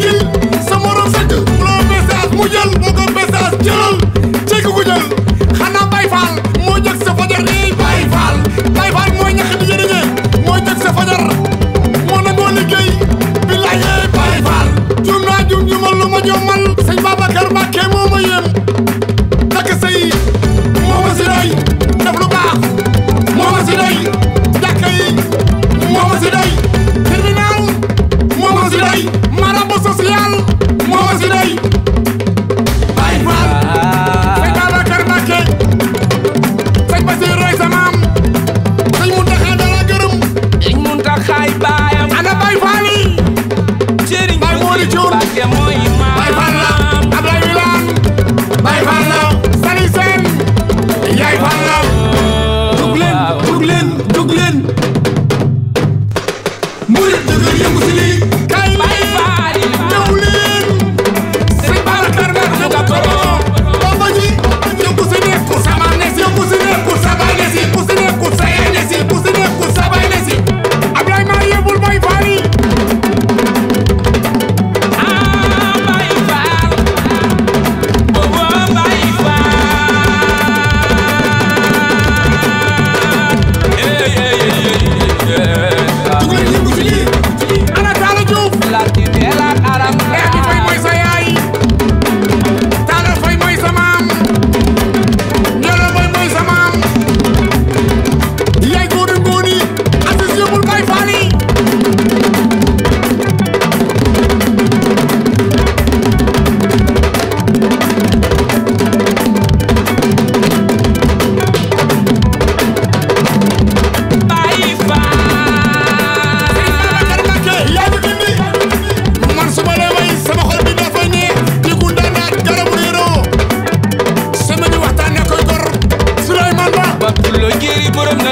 sikil xaay baayam ana bay faal yi sëriñ bay moori cuun bakke mooy maam bay faal la Ablaye Wilane bay faal la Sali Sène yaay faal la oh, jug leen jug leen jug leen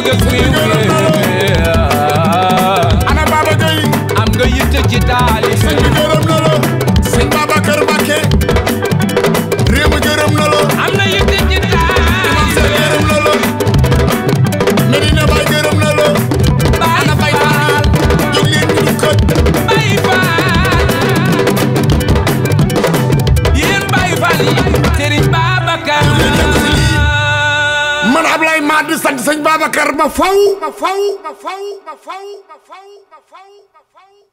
niggas we with. xanaa di sant sëñ Babacar ba faw ba faw ba faw ba faw ba faw ba faw